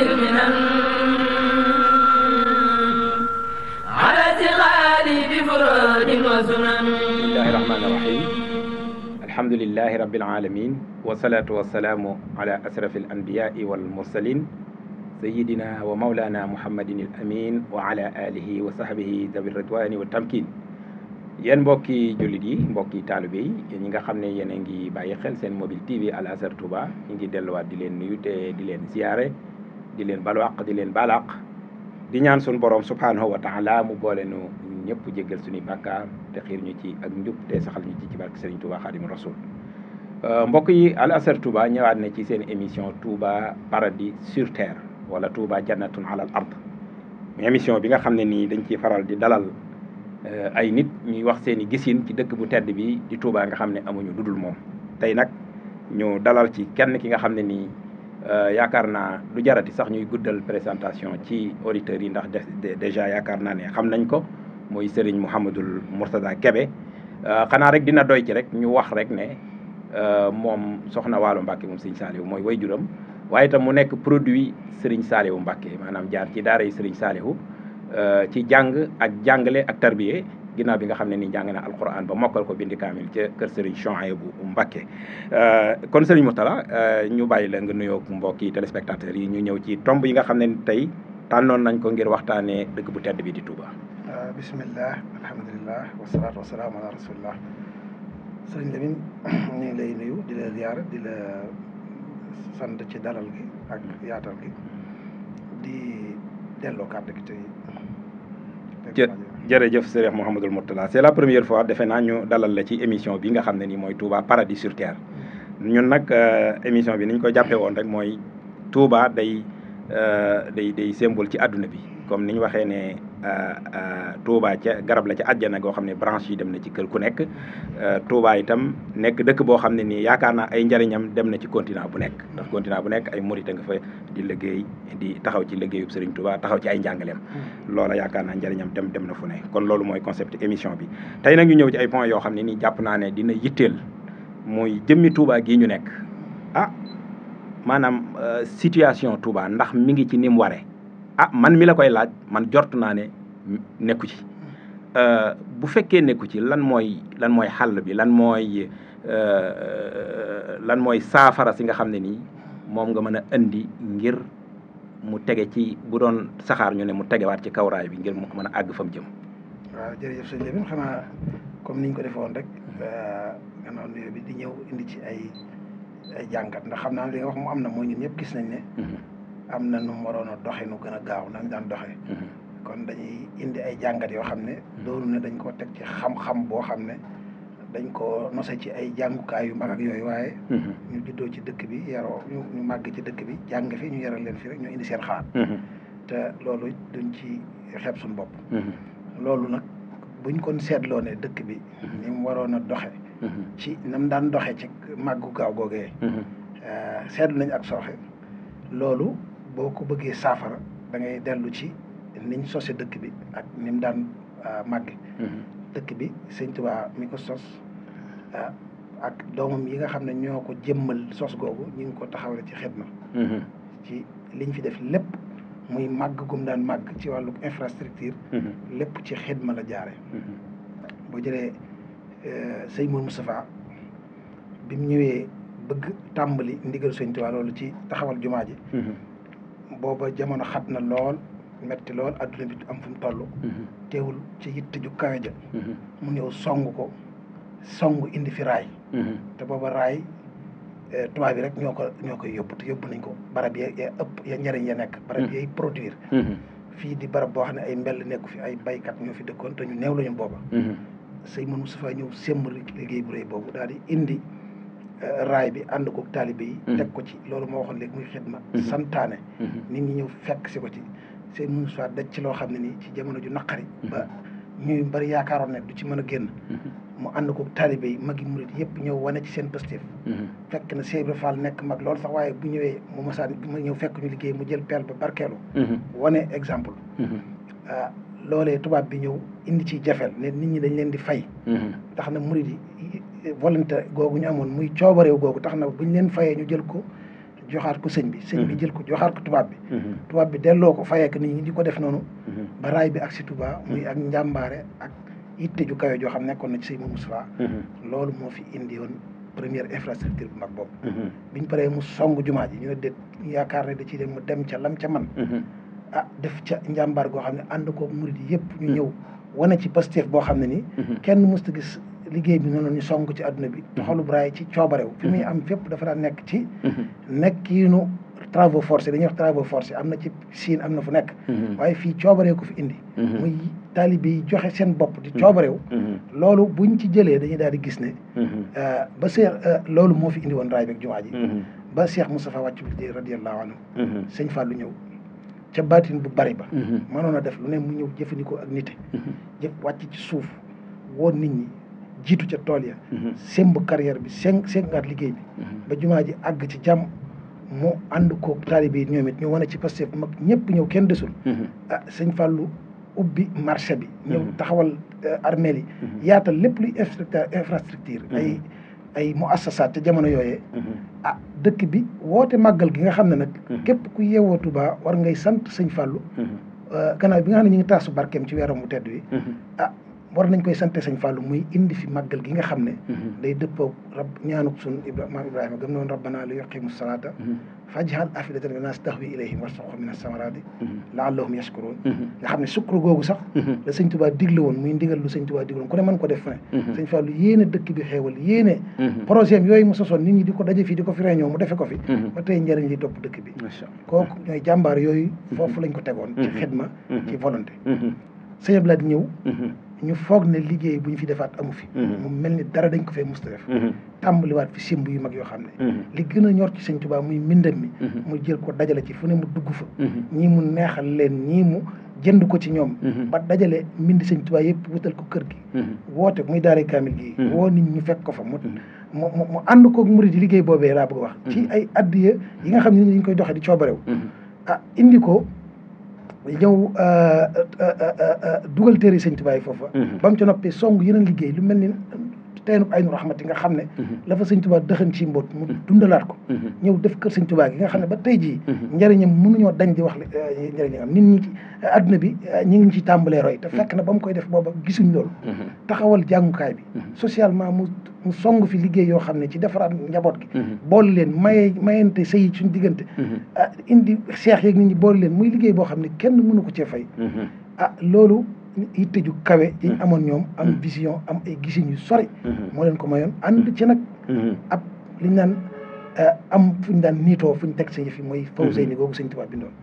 منزل منن على سغالي بفرود وسنن الله الرحمن الرحيم الحمد لله رب العالمين والصلاة والسلام على أشرف الأنبياء والمرسلين سيدنا ومولانا محمد الأمين وعلى آله وصحبه ذوي الرضوان والتمكين yéen mbokki jullit yi mbokki taalibe yi ñi nga xam ne yéen a ngi bàyyi xel seen mobile TV Al Azhar Touba ñu ngi delluwaat di leen nuyu te di leen ziyaare di leen balu àq di leen baal di ñaan suñu borom subhaanahu wa taala mu boole nu ñëpp jéggal suñuy bàkkaar te xiir ñu ci ak njub te saxal ñu ci ci barke Serigne Touba Xaadimu Rasul euh, mbokk yi Al Azhar Touba ñëwaat na ci seen émission Touba paradis sur terre wala Touba jannatun alal ard émission bi nga xam ne nii dañ ciy faral di dalal euh, ay nit ñuy wax seen i gisin ci dëkk bu tedd bi di Touba nga xam ne amuñu dudul moom tey nag ñu dalal ci kenn ki nga xam ne nii Euh, yaakaar naa du jarati sax ñuy guddal présentation ci auditeurs yi ndax déjà yaakaar naa ne xam nañ ko muy Serigne Mouhamadul Mourtada Kebe euh, xanaa rek dina doy ci rek ñu wax rek ne euh, moom soxna Waalo Mbacke moom Serigne Saliou mooy wayjuram waaye itam mu nekk produit Serigne Saliou Mbacke maanaam jaar ci daara yi Serigne Saliou ci jàng ak jàngale ak tarbiye ginnaaw bi nga xam ne ni jàng na alquran ba mokkal ko bindi kaamil ca kër Serigne Chouaïbou Mbacké euh, kon Serigne Mourtala euh, ñu bàyyi la nga nuyoo mbokki téléspectateurs yi ñu ñëw ci tomb yi nga xam ne ni tey tànnoon nañ ko ngir waxtaanee dëkk bu tedd bi di Touba. Euh, bisimilah alhamdulilah wasalaatu wasalaamu ala rasulillah Serigne Lamine ñu ngi lay nuyu di la ziar di la sant ci dalal gi ak mm. yaatal gi di delloo kàddu gi tey. jërëjëf Serigne Mouhamadul Mourtala c'est la première fois defe naa ñu dalal la ci émission bi nga xam ne ni mooy Touba paradis sur terre ñun nag euh, émission bi niñ ñu ko jàppee woon rek mooy Touba day euh, day day symbole ci àdduna bi comme ni ñu waxee ne. Euh, euh, Touba ca garab la ca àjjana goo xam ne branche yi dem na ci kër ku nekk euh, Touba itam nekk dëkk boo xam ne nii yaakaar naa ay njariñam dem na ci continent bu nekk ndax continent bu nekk ay murit nga fa di liggéey di taxaw ci liggéeyub Serigne Touba taxaw ci ay njàngaleem hmm. loola yaakaar na njariñam dem dem na fu ne kon loolu mooy concept émission bi tey nag ñu ñëw ci ay point yoo xam ne nii jàpp naa ne dina yitteel mooy jëmmi Touba gii ñu nekk ah maanaam situation Touba ndax mi ngi ci ni mu waree a ah, man mi la koy laaj man jort naa ne nekku ci hmm. euh, bu fekkee nekku ci lan mooy lan mooy xàll bi lan mooy euh, lan mooy saafara si nga xam ne nii moom nga mën a indi ngir mu tege ci bu doon saxaar ñu ne mu tege waat ci kawraay bi ngir mu mën a àgg fa jëm. waaw jërëjëf sëñ comme niñ ko defoon rek hmm. euh, gannaaw bi di ñëw indi ci ay ay jàngat ndax xam naa li wax mu am na mooy ñun ñëpp gis nañ ne. Hmm. am na nu mu waroon a doxe nu gën a gaaw nañ daan doxe mm-hmm. kon dañuy indi ay jàngat yoo xam ne mm-hmm. doonu ne dañ koo teg ci xam-xam boo xam ne dañ ko nose ci ay jàngukaay yu mag yooyu waaye mm-hmm. ñu ci dëkk bi yaroo ñu màgg ci dëkk bi jàng fi ñu yaral leen fi rek ñu indi seen xalaat te loolu duñ ci xeeb suñu bopp loolu nag buñ kon seetloo ne dëkk bi ni mu waroon a doxe ci nam daan doxe ci màggu gaaw googee eh, seetlu nañ ak sooxe loolu boo ko bëggee saafara da ngay dellu ci niñ sose dëkk bi ak ni daan ah, màgge mhm. dëkk bi sëñ Tuubaa mi ko sos ah, ak doomam yi nga xam ne ñoo ko jëmmal soos googu ñu ngi ko taxawale ci ma mhm. ci liñ fi def lépp muy màgg gum daan màgg ci wàllu infrastructure mhm. lépp ci xidma la jaare boo jëlee eh, sëñ Mour Moustapha bi ñëwee bëgg tàmbali ndigal sëñ Tuubaa loolu ci taxawal jumaa ji booba jamono xat na lool metti lool adduna bi am fu mu toll mhm. teewul ci yitte ju kawe ja mhm. mu ñëw song ko song indi fi raay mhm. te booba raay eh, tubaab bi rek ñoo ko ñoo koy yóbbu te yóbbu nañ ko barab ya ya ëpp nekk barab yay produire fii di barab boo xam ne ay mbell nekk fi ay baykat ñoo fi dëkkoon te ñu neew lañu booba sëñ Moussa Moustapha ñëw sémm liggéey bu rëy boobu daal di indi Euh, raay bi ànd ko taalibe yi mm-hmm. teg ko ci loolu moo waxoon léegi muy ma mm-hmm. santaane mm-hmm. nit ñi ñëw fekk si ko ci seen munu soit daj ci loo xam ne nii ci jamono ju naqari ba ñuy bari yaakaaroon ne du ci mën a génn mu ànd ko taalibe yi magi murit yëpp ñëw wane ci seen positif fekk na Cheikh Ibra Fall nekk mag loolu sax waaye bu ñëwee mu mosaan ma ñëw fekk ñu liggéey mu jël peel ba barkeelu wane exemple euh, loolee tubaab bi ñëw indi ci jafel ne nit ñi dañ leen di fay volonté googu ñu amoon muy coobareew googu tax na bu ñu leen fayee ñu jël ko joxaat ko sëñ bi mm-hmm. sëñ bi jël ko joxaat ko tubaab bi mm-hmm. tubaab bi delloo ko fayeek nit ñi di ko def noonu mm-hmm. ba raay bi ak si Touba muy ak njàmbaare ak itte ju kawe joo xam nekkoon na ci sëñ mu Moustapha loolu moo fi indi woon première infrastructure bu mag boobu biñ paree mu song jumaa ji ñu ne déet yaakaar da ciy dem mu dem ca lam ca man ah def ca njàmbaar goo xam ne ànd ko murid yëpp ñu ñëw wane ci boo xam ne ni gis liggéey bi noonu ñu song ci àdduna bi taxalu mhm. braay ci coobarew fi muy mhm. am fépp dafa daan nekk ci mhm. nekkiinu travaux forcés dañuy wax travaux forcés am na ci siin am na fu nekk waaye fii coobarew ko fi indi muy taalibe joxe seen bopp di coobarew loolu buñ ci jëlee dañuy daal di gis ne euh, ba seex euh, loolu moo fi indi woon raay beeg jumaa ji ba seex Moustapha wàccu bi radiyallahu anhu sëñ Fallou ñëw ca baatin bu bari ba mënoon a def lu ne mu ñëw jëfandikoo ak nite wàcc ci suuf woon nit ñi jiitu ca tool ya mhm. semb carrière bi sen sengaat liggéey bi mhm. ba jumaa ji àgg ci jàmm mu ànd ko taalibe yi ñoom it ñu wane ci Pastef mag ñëpp ñëw kenn desul mhm. ah sëñ Fallou ubbi marché bi ñëw taxawal eh, armeel yi yaatal lépp luy infrastructure ay mu assasaat ca jamono yooyee ah dëkk bi woote màggal gi nga xam ne nag képp ku yeewoo tubaa war ngay sant sëñ Fallou ah, gannaaw bi nga xam ne ñu ngi taasu barkeem ci weeram mu tedd wi ah, war nañ koy sante sëñ Fallou muy indi fi màggal gi nga xam ne mhm. day dëppoog rab ñaanuk sun maam Ibrahima gëm noonu rabbana li yuqimu salaata mhm. fajhal afidatan min nas tahwi ilayhim warzuqhum min mhm. sax la sëñ Tuubaa woon muy ndigal lu sëñ Tuubaa digle woon ku ne mën ko def fu ne sëñ Fallou yéene dëkk bi xéewal yéene projet yooyu mu sosoon nit ñi di ko daje fii di ko fi réunion mu defe ko fi ba tey njëriñ li topp dëkk bi kooku yooyu foofu lañ ko tegoon ci xidma ci volonté ñu foog ne liggéey bu ñu fi defaat amu fi mhm. mu mel ni dara dañ ko fee musta def mhm. fi simb yu mag yoo xam ne mhm. li gën a ñor ci sëñ Tuubaa muy mbindam mi mu jël ko dajale ci fu ne mu dugg fa ñii mu neexal leen ñii mu jënd ko ci ñoom ba dajale mbind sëñ Tuubaa yëpp wutal ko kër gi woote muy daare kaamil gi woo nit ñu fekk ko fa mu mu mu ànd koog murid yi liggéey boobee laa bëgg wax ci ay addiya yi nga xam ne dañ koy doxee di coobarew a ah, indi ko ñëw euh, euh, euh, dugal téere sëñ Tuubaa yi foofa. Mm-hmm. ba mu ci noppi song yeneen liggéey lu mel ni teenub aynu rahmati nga xam ne mhm. la fa sëñ tubaa dëxan ci mbóot mu dundalaat ko mhm. ñëw def kër sëñ tubaa gi nga xam ne ba tey jii mhm. njëriñam mënuñoo dañ di wax euh, njëriñam nit ñi ci euh, adduna bi euh, ñu ngi ci tàmbalee roy te fekk na ba mu koy def booba gisuñ loolu taxawal jàngukaay bi socialement mu mu song fi liggéey yoo xam ne ci defaraat njaboot gi boole leen maye mayente sëy suñ diggante ah, indi seex yeeg nit ñi boole leen muy liggéey boo xam ne kenn mënu ko cee fay ah loolu yitte ju kawe yi ñu mm-hmm. amoon ñoom am mm-hmm. vision am ay gisin yu sori mm-hmm. moo leen ko mayoon ànd ci nag ab li ñu naan eh, am fu ñu daan niitoo fu ñu teg sa yëf mooy faw say ni googu sëñ tubaab bindoon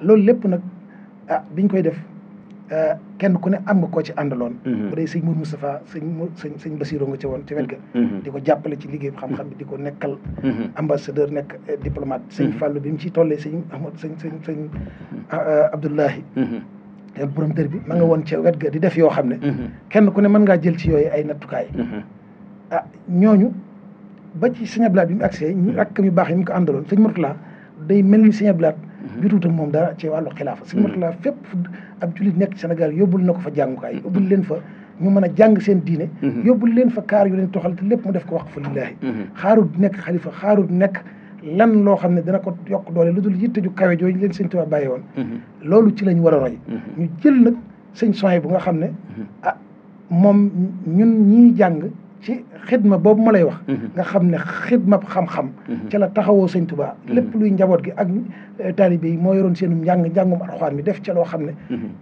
loolu lépp nag ah biñ koy def eh, kenn ku ne am nga koo ci àndaloon bu dee sëñ Mour sëñ sëñ sëñ Basiroo nga ci woon ci ga di ko jàppale ci liggéey bi xam-xam bi di ko nekkal ambassadeur nekk eh, diplomate sëñ Fallou bi mu ci tollee sëñ Ahmad sëñ sëñ sëñ Abdoulahi borom dër bi ma nga woon ca wet ga di def yoo xam ne mhm. kenn ku ne mën ngaa jël ci yooyu ay nattukaay mhm. ah ñooñu ba ci sëñ Ablaat bi mu agsee ñu ak ñu baax yi mu ko àndaloon sëñ Murtala day mel ni sëñ Ablaat mhm. jotuutam moom dara ci wàllu xilaafa sëñ Murtala fépp ab jullit nekk ci Sénégal yóbbul na ko fa jàngukaay yóbbul leen fa ñu mën a jàng seen diine yóbbul leen fa kaar yu leen toxal te lépp mu def ko wax fa lillaahi xaarut nekk xalifa xaarut nekk lan loo xam ne dina ko yokk doole lu dul yitte ju kawe jooju leen sëñ Tuubaa bàyyi woon mhm. loolu ci lañ war a roy mhm. ñu jël nag sëñ soy bu nga xam ne mhm. ah moom ñun ñii jàng ci xidma boobu ma lay wax nga xam ne xidma xam-xam ci la taxawoo sëñ Tuubaa lépp luy njaboot gi ak taalibe yi moo yoroon seenum njàng njàngum arxaan mi def ci loo xam ne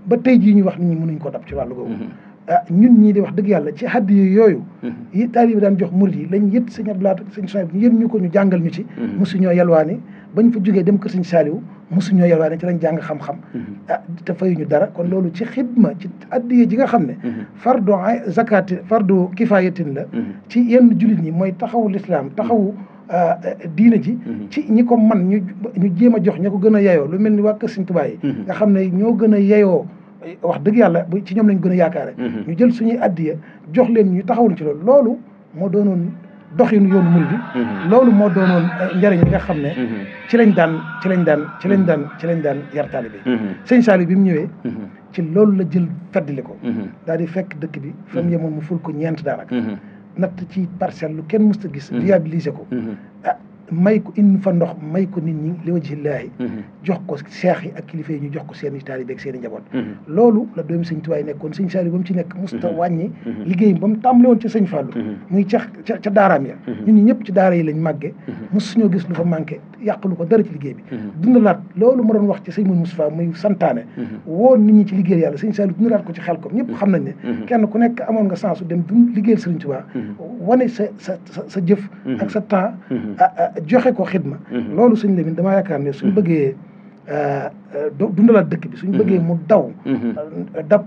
ba tey jii ñu wax nit ñi mënuñ ko dab ci wàllu googu Ah, ñun ñii de wax dëgg yàlla ci haddi yooyu mhm. yi taalibe daan jox murid yi lañ yët sëñ Abdou Lahad ak sëñ Souhaïbou ñu ko ñu jàngal ñu ci mhm. mosuñoo yalwaani bañ fa jógee dem kër sëñ Saliou mosuñoo yalwaani ci lañ jàng xam-xam mhm. ah te fayuñu dara kon loolu ci xidma ci addiye ji nga xam ne fardu zakati fardu kifayatin la ci yenn jullit ñi mooy taxawu lislaam taxawu ah, diina ji ci ñi ko man ñu ñu jéem a jox ña ko gën a yayoo lu mel ni waa kër sëñ Tuubaa nga xam ne ñoo gën a yayoo wax dëgg yàlla bu ci ñoom lañ gën a yaakaare mhm. ñu jël suñuy addiya jox leen ñu taxawul ci loolu moo moo doonoon doxinu yoonu murid bi mhm. loolu moo doonoon eh, njëriñ li nga xam ne mhm. ci lañ daan ci lañ daan ci lañ daan ci lañ daan yar taalibe bi sëñ Saliou bi mu ñëwee ci loolu la jël feddali ko daal di fekk dëkk bi fa mu yemoon mu ful ko ñeent daanaka natt ci parcelle lu kenn mësta gis viabiliser ko ah, may ko indi fa ndox may ko nit ñi li wajhillaahi mhm. jox ko seex yi ak kilifa yi ñu jox ko seen i taalibe ak seen njaboot mhm. loolu la doomi sëñ Tuubaa yi nekkoon sëñ Saaliw ba ci nekk musta mhm. wàññi liggéey ba mu tàmbale woon ci sëñ Fallou muy ca ca daaraam ya ñun ñi ñëpp ci daara yi lañ màgge musuñoo gis lu fa manqué yàqalu ko dara ci liggéey bi mhm. dundalaat loolu ma doon wax ci sëñ Mouhamadou Moustapha muy santaane mhm. woon nit ñi ci liggéey yàlla sëñ Saliou dundalaat ko ci xel ko ñëpp xam nañ ne mhm. kenn ku nekk amoon nga sensu dem dund liggéeyal sëriñ Tuubaa wane sa sa sa jëf sa temps joxe ko xidma loolu sëñ Lamine damaa yaakaar ne suñ bëggee dundalaat dëkk bi suñ bëggee mu daw dab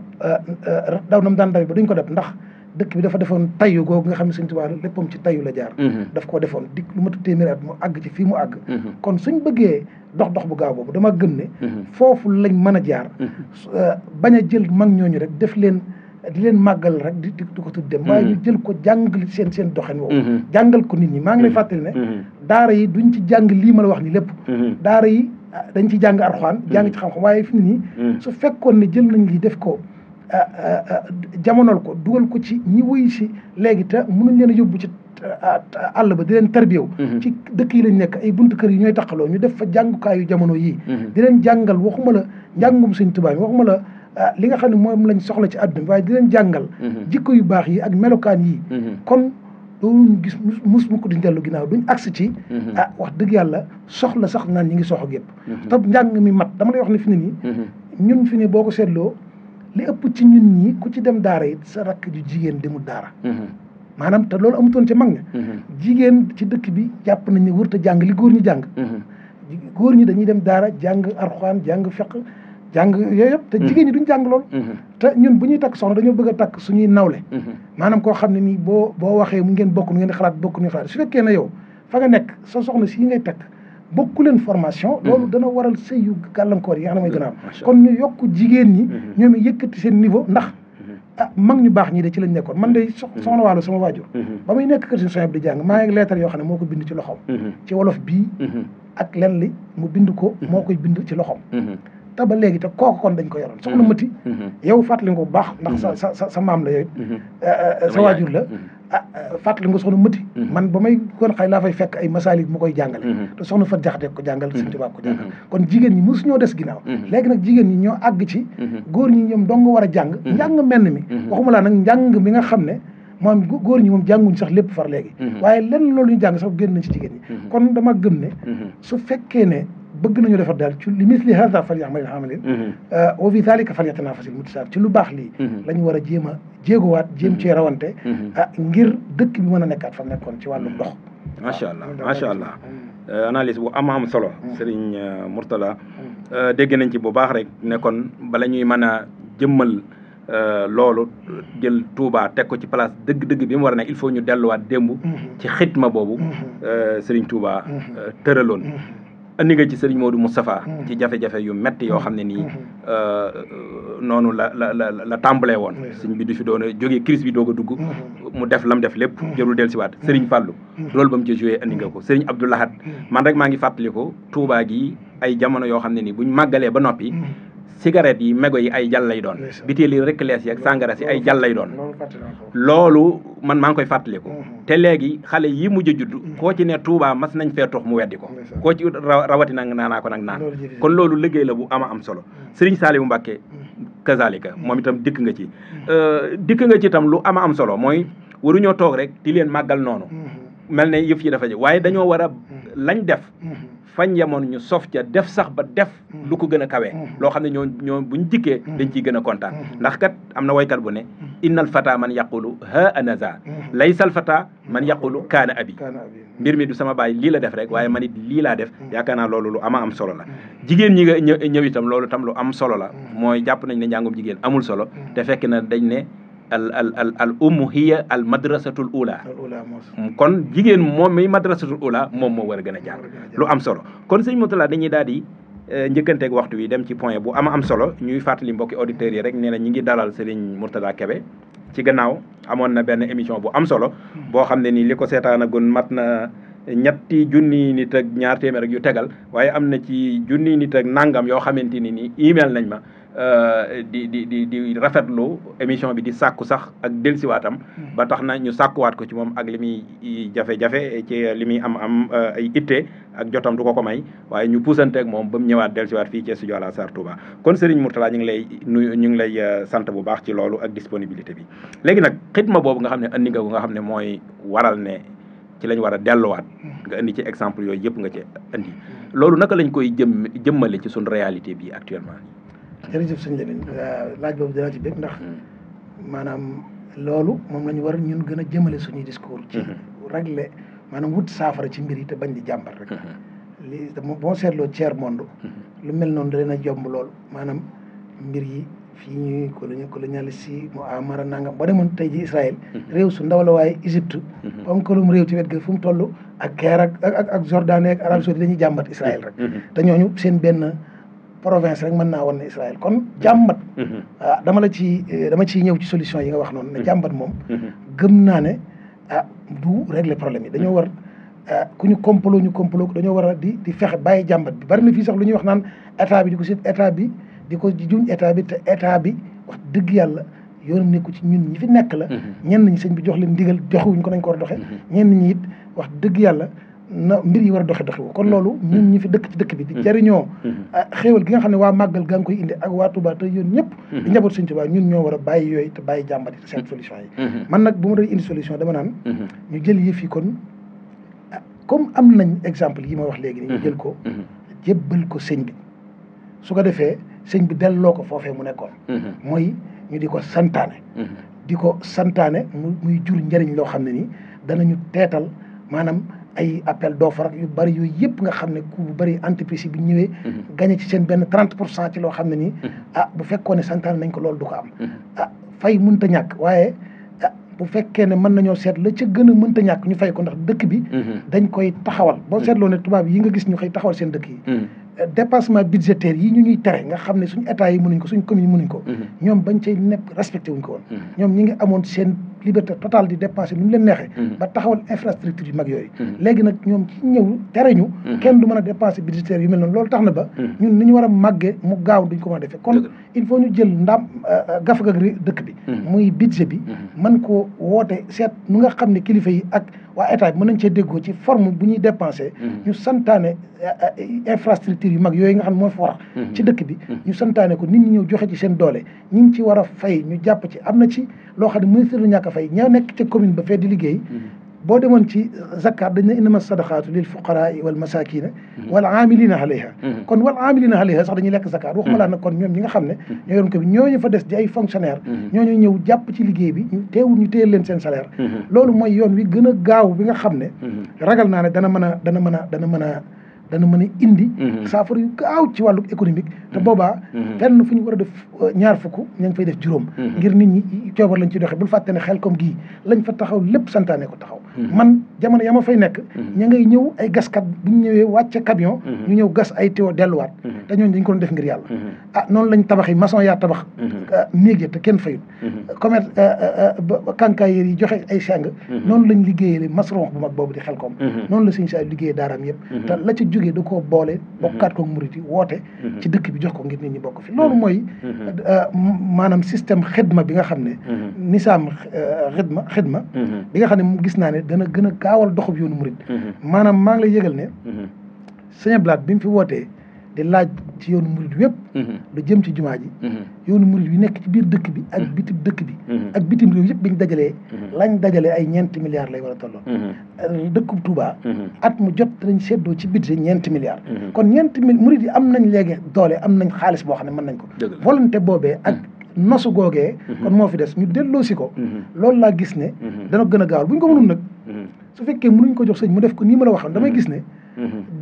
daw nam daan daw ba duñ ko dab ndax dëkk bi dafa defoon tayyu googu nga xam ne Sëñ Tuubaa léppam ci tayyu la jaar mhm. daf koo defoon di lu matu téeméer at mu àgg ci fii mu àgg mhm. kon suñ bëggee dox dox bu gaaw boobu dama gëm ne mhm. foofu lañ mën a jaar euh, bañ a jël mag ñooñu rek def leen di leen màggal rek di di ko tuddee waaye ñu jël ko jàngal seen seen doxin woowu jàngal ko nit ñi maa ngi lay fàttali ne daara yi duñ ci jàng lii ma la wax nii lépp daara yi ah, dañ ci jàng arxuwaan jàng ci xam-xam waaye fi nii ñi su fekkoon ne jël nañ lii def ko Euh, euh, jamonol ko dugal ko ci ñi wuy si léegi te mënuñ leen a yóbbu ci euh, àll ba di leen tarbiyew mhm. ci dëkk yi lañ nekk ay buntu kër yi ñooy taqaloo ñu def fa jàngukaayu jamono yii mhm. di jàngal waxuma la njàngum sëñ Tuubaa mi la li nga xam ne moom lañ soxla ci àdduna bi waaye di leen jàngal mhm. jikko yu baax yi ak melokaan yi kon dooñu gis mus mu ko duñ dellu ginnaaw duñ agsi ci ah wax dëgg yàlla soxla sax naan ñu ngi sox ak yëpp te mi mat dama lay wax ne fi ne ni ñun fi ne boo ko seetloo li ëpp ci ñun ñii ku ci dem daara it sa rakk ju jigéen demul daara mhm. maanaam te loolu amutoon ci mag na mhm. jigéen ci dëkk bi jàpp nañ ne wër te jàng li góor ñi jàng mhm. góor ñi dañuy dem daara jàng arxuaan jàng feq jàng yooyu yëpp jigéen ñi duñ jàng lool te ñun bu ñu takk soxna dañoo bëgg a takk suñuy nawle maanaam koo xam ne nii boo boo waxee mu ngeen bokk nu ngeen xalaat bokk nu ngeen xalaat su fekkee na yow fa nga nekk sa soxna si ngay takk bokku leen formation mhm. loolu dana waral sëy yu gàllankoor yi nga xam ne mooy gën a am kon ñu yokk jigéen ñi mhm. ñoom yëkkati seen niveau ndax mhm. ah mag ñu baax ñii de ci lañ nekkoon man de soxla Waalo sama waajur ba muy nekk kër si soñeb di jàng maa ngi leetar yoo xam ne moo ko bind ci loxoom ci wolof ak len li mu bind ko moo koy bind ci loxoom te ba léegi te kooku kon dañ ko yoroon soxna Mati yow fàttali nga bu baax ndax sa sa sa maam la yooyu eh, eh, eh, sa waajur la Ah, ah fàttali nga soxna mëti mhm. man ba may kon xay laa fay fekk ay masaalik mu koy jàngale mhm. te soxna fat jaxate ko jàngal sëñ mhm. tubaab ko jàngal kon jigéen ñi mosu ñoo des ginnaaw léegi nag jigéen ñi ñoo àgg ci góor ñi ñoom dong war a jàng njàng menn mi waxuma laa nag njàng mi nga xam ne moom góor ñi moom jànguñ sax lépp far léegi waaye lenn loolu ñu jàng sax génn nañ ci jigéen ñi kon dama gëm ne su fekkee ne bëgg nañu defar daal ci li misli hada fal ya'mal al-'amilin euh, wa fi dhalika falyatanafas al-mutasaab ci lu baax lii lañ war a jéema jéegowaat jéem mm-hmm. ci rawante mm-hmm. ah ngir dëkk bi mën a nekkaat fa nekkoon ci wàllu dox macha mm-hmm. allah macha allah mm. euh, analyse bu am am solo mm. Serigne euh, Mourtala mm. euh, dégg nañ ci bu baax rek ne kon bala ñuy mën a jëmmal loolu jël Touba teg ko ci place dëgg-dëgg bi mu war na il faut ñu delluwaat démb ci xitma boobu Serigne Touba tëraloon andi nga ci sëriñ Modou Moustapha mm. ci jafe-jafe yu metti yoo mm. xam ne nii mm-hmm. euh, noonu la la la la tàmbalee woon sëriñ bi du fi doon a jógee crise bi doog a dugg mm-hmm. mu def lam def lépp mm-hmm. jërul del siwaat sëriñ Fallou loolu ba mu ci joué andi ko sëriñ Abdou Lahad man rek maa ngi fàttaliku tuubaa gi ay jamono yoo xam ne nii buñ màggalee ba noppi cigarette yi mégo yi ay jàll lay doon bitéel yi rek lees yi ak sàngara si ay jàll lay doon loolu man maa ngi koy fàttaliku mhm. te léegi xale yi mujj judd mhm. koo ci ne Touba mas nañ fee tox mu weddi ko koo ci rawati nag naanaa ko nag naan kon loolu liggéey la bu ama am solo mhm. Sëriñ Saliou Mbacké kazalika moom itam dikk nga ci euh, dikk nga ci itam lu ama am solo mooy waruñoo toog rek di leen màggal noonu mel ne yëf yi dafa ji waaye dañoo war a lañ def fañ yemoon ñu sof ca def sax ba def lu ko gën a kawe mm-hmm. loo xam ne ñoom bu buñ dikkee mm-hmm. dañ ciy gën kontaan mm-hmm. ndax kat am na woykat bu ne innal fata man yaqulu ha lay sal fata man yaqulu kaana abi mbir mi du sama baay lii la def rek waaye man it lii laa def yaakaar naa loolu lu ama am solo la jigéen ñi nga ñëw itam loolu tam lu am solo la mooy jàpp nañ ne njàngum jigéen amul solo te fekk na dañ ne al al al al ummu hiya al madrasatul ula mm, kon jigéen moom mi madrasatul ula moom moo war a gën a jàng lu am solo kon sëñ Moutalla dañuy daal di eh, njëkkanteeg waxtu wi dem ci point bu ama am solo ñuy fàttali mbokki auditeurs yi rek nee na ñi ngi dalal Serigne Mourtada Kébé ci gannaaw amoon na benn émission bu am solo hmm. boo xam ne nii li ko seetaanagun mat na ñetti junni ni ak ñaar téeméer ak yu tegal waaye am na ci junni nit ak nangam yoo xamante ni nii email nañ ma Euh, di di di di rafetlu émission bi di sàkku sax ak delsiwaatam hmm. ba tax na ñu sàkkuwaat ko ci moom ak li muy jafe-jafe ci li muy am am euh, ay itte ak jotam du ko ko may waaye ñu puusanteeg moom ba mu ñëwaat delsiwaat fii ci studio Alla Sarr Touba kon Serigne Mourtala ñu ngi lay nuyu ñu ngi lay euh, sant bu baax ci loolu ak disponibilité bi léegi nag xidma boobu nga xam ne andi nga nga xam ne mooy waral ne ci lañ war a delluwaat hmm. nga indi ci exemple yooyu yëpp nga ci indi loolu naka lañ koy jëm jëmmale ci suñ réalité bi actuellement jërëjëf sëñ Lamine euh, laaj boobu dinaa ci bëgg ndax mm-hmm. maanaam loolu moom la ñu war ñun gën a jëmale suñuy discours ci mm-hmm. régler maanaam wut saafara ci mbir yi te bañ di jàmbat rek mm-hmm. li boo seetloo tiers monde lu mel noonu da leen a jomb lool maanaam mbir yi fii ñuy colonia colonialiste yi mu amara nangam boo demoon tey ji Israël réew su ndaw la waaye Égypte ba réew ci wet ga fu mu toll ak Caire ak ak ak Jordanie ak Arabie Saoudite la ñuy jàmbat Israël rek te ñooñu seen benn province rek mën naa wan ne Israël kon jàmbat mhm. Mhm. Ah, dama la ci eh, dama ciy ñëw ci solution yi nga wax noonu ne mhm. jàmbat moom gëm naa ne ah du régler problème yi dañoo war ah, ku ñu complot ñu complot dañoo war a di di fexe bàyyi jàmbat bi bari na fii sax lu ñuy wax naan état bi di ko si état bi di ko juñ état bi te état bi wax dëgg yàlla yoonam nekku ci ñun ñi fi nekk la ñenn ñi sëñ bi jox leen ndigal joxuwuñ ko nañ ko war ñeen doxee ñenn ñi it wax dëgg yàlla na mbir yi war a doxe doxe woo kon mm. loolu ñun mm. ñu fi dëkk ci dëkk bi di mm. jariñoo mm-hmm. ah, xéewal gi nga xam ne waa màggal gaa koy indi ak waa Touba yoon yéen ñëpp mm-hmm. di njaboot Sëñ Touba ñun ñoo war a bàyyi te bàyyi jàmbat seen mm-hmm. solution yi man nag bu ma doon indi solution dama naan ñu jël yi yi kon ah, comme am nañ exemple yi ma wax léegi ni ñu jël ko jébbal ko sëñ bi su ko defee sëñ bi delloo ko foofee mu nekkoon mooy ñu di ko santaane di ko santaane muy jur njariñ loo xam ne ni danañu teetal maanaam ay appel d'offre ak yu bëri yooyu yëpp nga xam ne ku bëri entreprise yi bi ñëwee mhm. gagné ci seen benn trente pour cent ci loo xam ne nii mhm. ah bu fekkoon ne santaan nañ ko loolu du ko am mhm. ah fay mënta ñàkk waaye ah bu fekkee ne mën nañoo seet la ca gën a mënta ñàkk ñu fay ko ndax dëkk bi dañ koy taxawal boo seetloo ne tubaab yi nga gis ñu xëy taxawal seen dëkk yi eh, dépassement budgétaire yi ñu ñuy tere nga xam ne suñ état yi mënuñ ko suñ commune yi mënuñ ko ñoom bañ cay nepp respecté wuñ ko woon ngi amoon seen liberté totale di dépasser nu mu leen neexee mm-hmm. ba taxawal infrastructure yu mag yooyu mm-hmm. léegi nag ñoom ci ñëw tere ñu mm-hmm. kenn du mën a dépasser budgétaire yu mel noonu loolu tax na ba ñu ni ñu war a màggee mu gaaw duñ ko mën a defee kon il faut ñu jël ndaam euh, gafagak dëkk bi muy budget bi man koo woote seet nu nga xam ne kilifa yi ak waa état bi mën nañ cee déggoo ci forme bu ñuy dépensé mm-hmm. ñu santaane eh, eh, infrastructure yu mag yooyu nga xam ne moo fi war mm-hmm. ci dëkk bi mm-hmm. ñu santaane ko nit ñu ñëw joxe ci seen doole ñu ngi ci war a fay ñu jàpp ci am na ci loo xam ne ministre du ñàkk fay ña nekk ca commune ba fee di liggéey boo demoon ci zakat dañ ne innama sadaqaatu lil fuqaraai wal masakina mm-hmm. wal amilina alayha mm-hmm. kon wal amilina alayha sax dañuy lekk zakat mm-hmm. waxuma laa nag kon ñoom ñi nga xam ne ñoo yoroon ko bi ñooñu fa des di ay fonctionnaire ñooñu ñëw jàpp ci liggéey bi ñu teewul ñu téyel leen seen salaire loolu mooy yoon wi gën a gaaw bi nga xam ne ragal naa ne dana mën a dana mën a dana mën dana mën indi saafara yu gaaw ci wàllu économique te boobaa fenn fu ñu war def euh, ñaar fukk ña ngi fay def juróom ngir nit ñi coobar lañ ci doxee bul fàtte ne xel comme gii lañ fa taxaw lépp santaane ko taxaw Mhm. man jamono yam ma fay nekk mhm. ña ngay ñëw ay gaskat bu ñëwee wàcce camion mhm. ñu ñëw gas ay tuyau delluwaat te ñooñu dañ ko def ngir yàlla ah noonu lañ tabax yi maçon yaa tabax ah, néeg ya te kenn fayut commerce ah, ah, kànkaayir yi joxe ay sang noonu lañ liggéeyee maçon bu mag boobu di xelkom noonu la sëñ saa liggéeyee daaraam yëpp ta la ca jógee da ko boole bokkaat ko murit yi woote ci dëkk bi jox ko ngir nit ñi bokk fi loolu mooy maanaam système xidma bi nga xam ne nisaam xidma xidma bi nga xam ne gis naa dana gën a gaawal doxub yoonu murid mhm. maanaam maa la lay yëgal ne mhm. sëñ Blaat bi mu fi wootee di laaj ci yoonu murid wépp mhm. lu jëm ci jumaa ji yoonu murid yu nekk ci biir dëkk bi ak bitim dëkk bi ak bitim réew yëpp bi ñu dajalee lañ dajalee ay ñeenti milliards lay war a tolloo euh, dëkkub Touba at mu jot nañ seddoo ci budget ñeenti milliards kon ñeenti mil murid yi am nañ léegi doole am nañ xaalis boo xam ne mën nañ ko volonté boobee nosu googee mhm. kon moo fi des ñu delloosi ko mhm. loolu laa gis ne mhm. dana gën a gaawal bu ñu ko mënul nag su fekkee mu mënuñ ko jox sëñ mu def ko nii ma la waxoon damay gis ne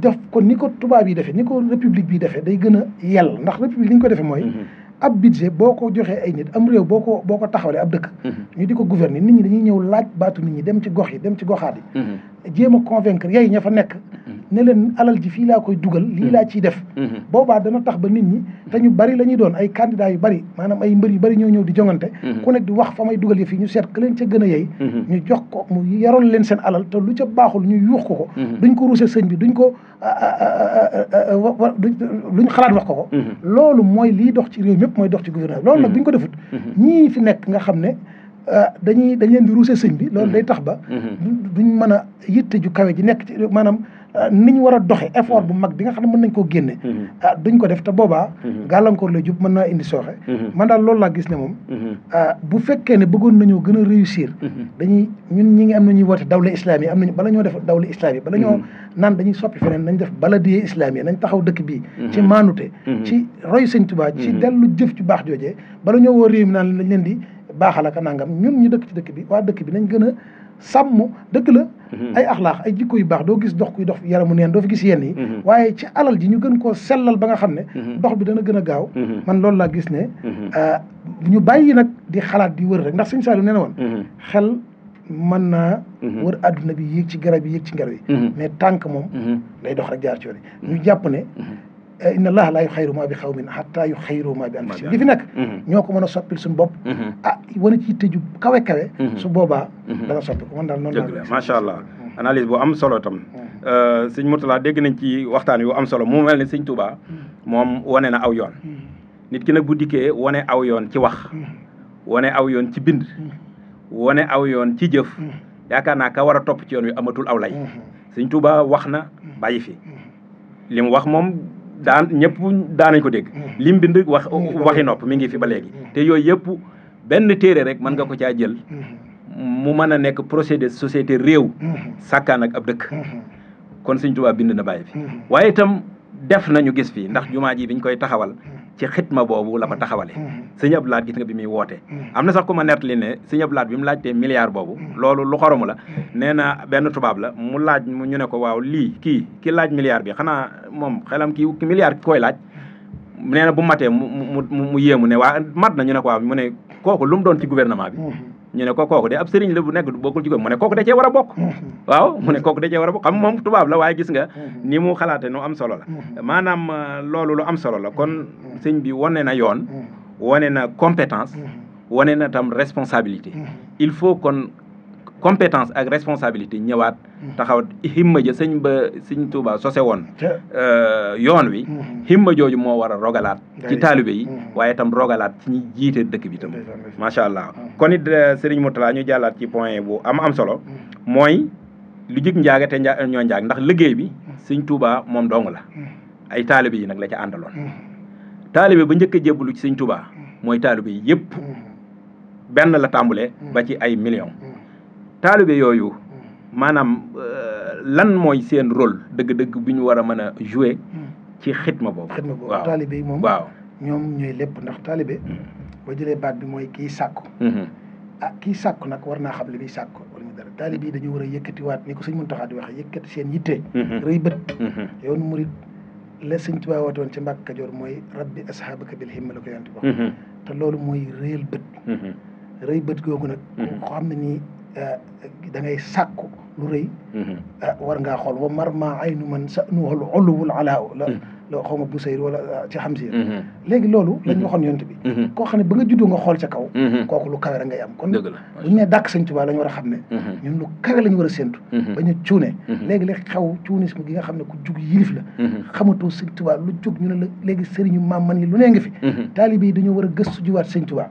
def ko ni ko tubaab yi defee ni ko république bi defee day gën a yell ndax république li ñu ko defee mooy ab budget boo ko joxee ay nit am réew boo ko boo ko taxawalee ab dëkk ñu di ko guverne nit ñi dañuy ñëw laaj baatu nit ñi dem ci gox yi dem ci goxaat yi jéem a convaincre yay ña fa nekk ne leen alal ji fii laa koy dugal lii laa ciy def mm-hmm. Mm-hmm. boobaa dana tax ba nit ñi te bari la ñuy doon ay candidats yu bari maanaam ay mbër yu bari ñoo ñëw di jongante mm-hmm. ku nekk di wax fa dugal yi fi ñu seet ka leen ca gën a yey ñu jox ko mu yaroon leen seen alal lu ca baaxul ñu yuux ko ko duñ ko sëñ bi duñ ko luñ xalaat wax ko ko mooy liy dox ci réew mépp mooy dox ci gouvernement loolu nag buñ ko defut ñii fi nekk nga xam ne dañuy dañ leen di ruuse sëñ bi loolu day tax ba duñ mën a yitte ju kawe ji nekk ci maanaam Euh, ni ñu war a doxe effort mm-hmm. bu mag bi nga xam ne mën nañ koo génne mm-hmm. ah ko def ta boobaa mm-hmm. gàllankoor la jub mën naa indi sooxe man daal loolu laa gis ne moom ah, bu fekkee ne bëggoon nañoo gën a réussir dañuy ñun ñi ngi am nañuy woote dawle islam yi am nañu bala ñoo def dawle islam yi bala ñoo naan dañuy soppi feneen nañ def baladiyee islam yi nañ taxaw dëkk bii ci maanute ci roy sëñ Tuubaa ci dellu jëf ju baax joojee bala ñoo woo réew mi naan lañ leen di baaxal ak nangam ñun ñu dëkk ci dëkk bi waa dëkk bi nañ gën a sàmm dëkk la Mhm. ay axlaax ay jikko yu baax doo gis dox kuy dox yaramu neen doo fi gis yenn yi mhm. waaye ci alal ji ñu gën koo sellal ba nga xam ne mhm. dox bi dana gën gaaw man loolu laa gis ne ah, ñu bàyyi nag di xalaat di wër rek ndax Sëñ Saliou nee na woon xel mën naa wër adduna bi yéeg ci garab yi ci ngelaw yi mais tànk moom day dox rek jaar ci ñu jàpp ne inna allaha laa yuxayyiru maa bi xawmin xattaa yuxayyiru maa bi anfusihim li fi nekk mm-hmm. ñoo ko mën a soppil suñu bopp mm-hmm. ah wane ci tëju kawe kawe mm-hmm. su boobaa dana soppi ko man daal noonu la macha allah analyse bu am solo tam euh, sëñ Mourtala dégg nañ ci waxtaan wi am solo mu mel ni sëñ Touba moom wane na aw yoon nit ki na bu dikkee wane aw yoon ci wax wane aw yoon ci bind wone aw yoon ci jëf yaakaar naa ka war topp ci yoon wi amatul aw lay sëñ Touba wax na bàyyi fi wax moom daan ñëpp daanañ ko dégg mm. lim bind wax waxi nopp mi ngi fi ba léegi mm. te yooyu yëpp benn téere rek mën nga ko caa jël mm. mu mën a nekk procédé société réew sàkkaan ak ab dëkk kon Sëñ Tuubaa bind na baay fi waaye itam def nañu gis fii ndax jumaa ji biñ koy taxawal ci xitma boobu la ko mm. taxawale mm. sëñ Abdu Lahat gis nga bi muy woote mm. am na sax ku ma nettali ne sëñ bi mu laajtee milliard boobu loolu lu xoromu la nee na benn tubaab la mu laaj mu ñu ne ko waaw lii kii ki laaj milliard bi xanaa moom xelam kii ki milliard ki koy laaj nee na bu matee mu mu mu yéemu ne waa mat na ñu ne ko waaw mu ne kooku lu mu doon ci gouvernement bi mm-hmm. ñu ne ko kooku de ab sëriñ la bu nekk bokkul ci ko mu ne kooku da cee war a bokk waaw mu ne kooku da cee war a moom tubaab la waaye gis nga ni mu xalaate nu am solo la maanaam euh, loolu lu am solo la kon sëñ bi wane na yoon wane na compétence wane na tam responsabilité il faut kon compétence ak responsabilité ñëwaat mm-hmm. taxaw himma ja sëñ ba sëñ Tuuba sose woon euh, yoon wi mm-hmm. himma jooju moo war a rogalaat ci taalibe yi mm-hmm. waaye itam rogalaat ci jiite dëkk bi tam macha allah kon it euh, sëriñ Mourtala ñu jàllaat ci point bu am am solo mooy lu jig njaaga te njaa ñoo njaag ndax liggéey bi sëñ Tuuba moom dong la ay taalibe yi nag la ci àndaloon taalibe ba njëkk a jébbalu ci sëñ Tuuba mooy taalibe yi yëpp benn la tàmbulee ba ci ay millions taalibe yooyu mm. maanaam euh, lan mooy seen rôle dëgg-dëgg bi ñu war a mën a jouer mm. ci xitma boobu. xitma boobu taalibe yi moom ñoom ñooy lépp ndax taalibe. Mm. boo jëlee baat bi mooy kii sàkku. Mm-hmm. Ah, kii sàkku nag war naa xam li bi sàkku wala dara taalibe yi dañu war a yëkkatiwaat ni ko sëñ Muntaxa di waxee yëkkati seen yitte. Mm-hmm. rëy bët. Mm-hmm. yoonu murit la sëñ Tuubaa woote woon ci Mbàkke Kajoor mooy rabbi ashaabaka bil himma la ko yonent te loolu mooy réel bët. rëy bët googu nag. xam na ni Eh, da ngay sàkku lu rëy. Mm-hmm. Eh, war ngaa xool wa mar maa ay nu man sa nu wala oluwul alaaw. la mm-hmm. la xaw ma busayr wala eh, ci xam si. Mm-hmm. léegi loolu. lañ waxoon yont bi. koo xam ne ba nga juddoo nga xool ca kaw. kooku lu kawe rek ngay am kon. dëgg la bu ñu nee dàq Sëñ Tuubaa la ñu war a xam ne. ñun lu kawe la ñu war a séntu. ba ñu cuune. léegi léegi xew cuunisme gi nga xam ne ku jug yilif la. xamatoo Sëñ Tuubaa lu jug ñu ne la léegi sëriñu maam man yi lu nee nga fi. taalibe yi dañoo war a gëstu jiwaat Sëñ Tuubaa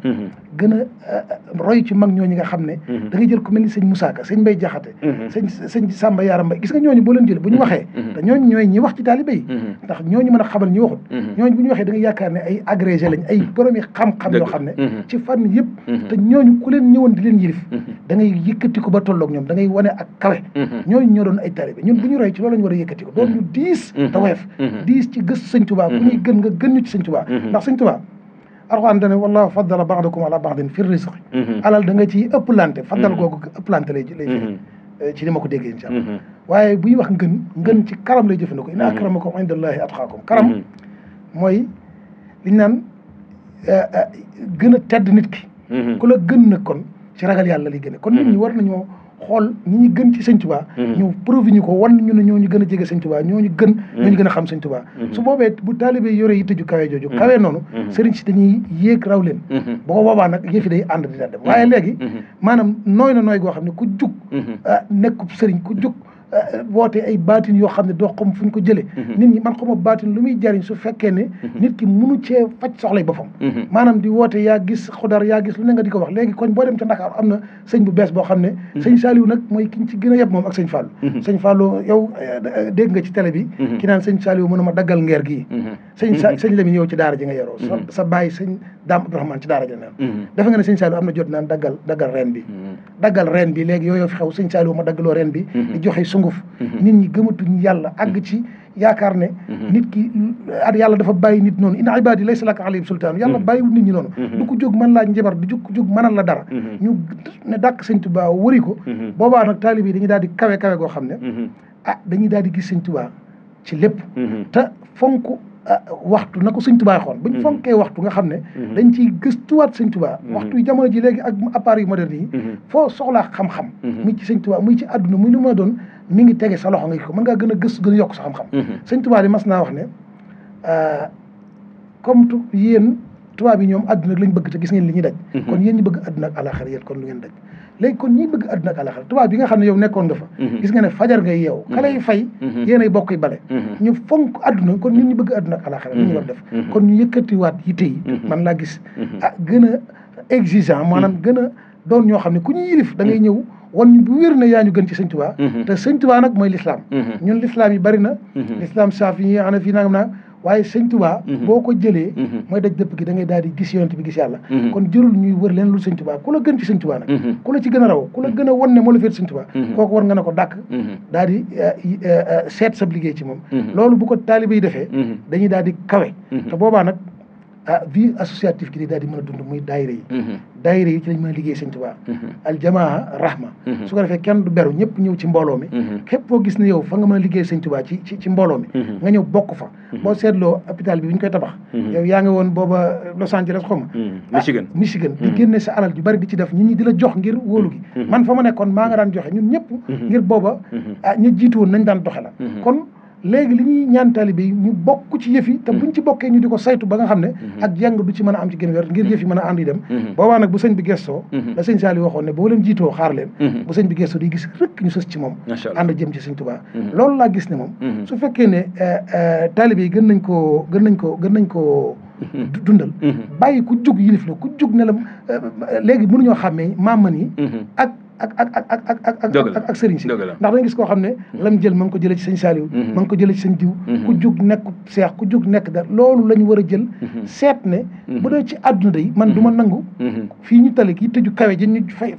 gën a euh, roy ci mag ñooñu nga xam ne mhm. da nga jël ku mel ni sëñ Moussa Ka sëñ Mbay Jaxate mhm. sëñ sëñ Samba Yaram Mbay gis nga ñooñu boo leen jël bu ñu mhm. waxee te ñooñu ñooy ñi wax ci taalibe yi ndax ñooñu mën a xamal ñi waxut ñu waxee da nga yaakaar ne ay agrégé lañ yoo xam ne ci fànn yëpp te ñooñu ku leen ñëwoon di leen yilif dangay ngay yëkkati ko ba tolloog ñoom da ngay wane ak kawe ñooñu ñoo doon ay taalibe ñun bu ñu roy ci loolu lañ war a yëkkati ko doon ñu diis te woyof diis ci gës sëñ Tuubaa bu ñuy gën nga gën ñu ci sëñ Tuubaa ndax sëñ Tuubaa alxuraan dane wallahu faddala baadakum ala baadin fi risqi mhm. alal da nga ciy ëpplante faddal mhm. googu ëpplante lay lay firi mhm. eh, ci ni ma ko déggee incha allah waaye buy wax ngën ngën ci karam lay jëfandikoo inna akramakum indallahi atqaakum karam mooy liñ naan eh, eh, gën a tedd nit ki ku la gën nag kon ci ragal yàlla li gën kon nit ñi war nañoo xool ñi ñu gën ci sëñ Tuubaa mm-hmm. ñu ko wan ñu ne ñoo ñu gën a jege sëñ Tuubaa ñoo ñu gën mm-hmm. gën a xam sëñ Tuubaa mm-hmm. su boobee bu taalibe yore yi tëju kawe jooju kawe noonu sëriñ si dañuy yéeg raw leen boo boobaa nag yëf yi day ànd dem waaye léegi maanaam nooy na nooy goo xam ne ku jug ah, nekkub sëriñ ku jug Eh, woote ay baatin yoo xam ne doo xam fu ko jëlee mhm. nit ñi man xama baatin lu muy jariñ su fekkee ne mhm. nit ki munu cee faj soxlay boppam mhm. maanaam di woote yaa gis xudar yaa gis lu ne nga di ko wax léegi boo dem ca Ndakaaru am na sëñ bu bees boo xam ne sëñ Saliou nag mooy kiñ ci gën a yeb moom ak sëñ Fallou sëñ Fallou yow eh, eh, dégg nga ci télé bi ki naan sëñ a ma daggal ngeer gii sëñ sëñ yow ci daara ji nga yaroo sa bàyyi sëñ Daam Abdourahmane ci daara ji naan dafa nga ne sëñ Saliou am na jot naan daggal daggal reen bi daggal reen bi léegi yooyu fi xew sëñ Saliou ma daggaloo reen bi di joxe nangu fa mhm. nit ñi gëmatuñ yàlla àgg ci yaakaar ne mhm. nit ki at yàlla dafa bàyyi nit noonu ina ibaadi laysa laka alayhim sultaan yàlla mhm. bàyyiwul nit ñi noonu du ko jóg mën laa njabar du jóg jóg mënal la dara ñu ne dàkk sëñ Tuubaa wëri ko boobaa nag taalib yi dañuy daal di kawe kawe goo xam ne ah dañuy daal di gis sëñ Tuubaa ci lépp te fonk ah, waxtu na ko sëñ Tuubaa xoon buñ fonkee waxtu nga xam ne dañ ci gëstuwaat sëñ Tuubaa waxtu yi jamono ji léegi ak appareil yu moderne yi foo soxlaa xam-xam muy ci sëñ Tuubaa ci àdduna muy lu doon mi ngi tege sa loxo nga ko mën ngaa gën a gës gën a yokk sa xam-xam mhm. sëñ tubaab yi mas naa wax ne euh, comme tu yéen tubaab yi ñoom àdduna lañ bëgg te gis ngeen li ñuy daj mhm. kon yéen ñi bëgg àdduna ak àlaxar yéen kon lu ngeen daj kon ñi bëgg àdduna ak tubaab yi nga xam ne yow nekkoon nga fa mhm. gis nga ne fajar ngay yeew xale yi fay yéen ay bokk yi bale ñu fonk àdduna kon ñun ñu bëgg àdduna ak àlaxar li ñu war def kon ñu waat yi tey man laa gis ah gën a exigeant maanaam gën a doon ñoo xam ne ku ñu yilif da ngay ñëw wan ñu bu wér na yaa ñu gën ci sëñ Tuubaa mhm. te nag mooy lislaam mhm. ñun lislaam yi bari na mhm. lislaam saafi yi ana fii nangam naag waaye sëñ boo ko jëlee mooy daj dëpp gi da ngay daal di gis yonent bi gis yàlla kon jërul ñuy wër leen lu sëñ Tuubaa ku la gën ci sëñ Tuubaa nag ku la ci gën a raw ku la gën a wan ne moo la féet sëñ Tuubaa kooku war nga ne ko dàkk daal di eh, eh, eh, seet sab liggéey ci moom loolu bu ko taalibe yi defee dañuy daal di kawe te boobaa nag ah vie associative gi di daal di a dund muy daayira yi mhm. daayira yi ci lañ mën a liggéey sëñ Tuubaa mhm. aljamaa rahma mhm. su ko defee kenn du beru ñëpp ñëw ci mbooloo mi képp koo gis ne yow fa nga mën liggéey sëñ Tuubaa ci ci ci mbooloo mi nga ñëw bokk fa boo seetloo hôpital bi bu ñu koy tabax yow yaa ngi woon booba Los Angeles xawma ah, Michigan Michigan di génne sa alal ju bari di ci def ñu ñi di la jox ngir wóolu man fa ma nekkoon maa nga daan joxe ñun ñëpp ngir booba ah ñi nañ daan doxe la léegi li ñuy ñaan taalibe yi ñu bokk ci yëf yi te buñ ci bokkee ñu di ko saytu ba nga xam ne mhm. ak jàng du ci mën a am ci gën wér ngir yëf yi mën a ànd yi dem mhm. boobaa nag bu sëñ bi gestoo mhm. la sëñ Saali waxoon ne boo leen jiitoo xaar leen bu sëñ bi di gis rëkk ñu sës ci moom ànd jëm ci sëñ Tuubaa loolu laa gis ne moom su fekkee ne eh, eh, taalibe yi gën nañ koo gën nañ koo gën nañ koo dundal bàyyi ku jug yilif la ku jug ne la eh, léegi mënuñoo xàmmee maam man yi ak ak ak ak ak ak ak ak sëriñ si ndax da nga gis koo xam ne lam jël ma ngi ko jëlee ci sëñ Saliou mhm. ma ngi ko jëlee ci sëñ diw mhm. ku jug nekk seex ku jug nekk dara loolu la ñu war a jël mhm. seet ne bu dee ci àdduna day man du ma nangu fii ñu tali kii tëju kawe ji ñu fay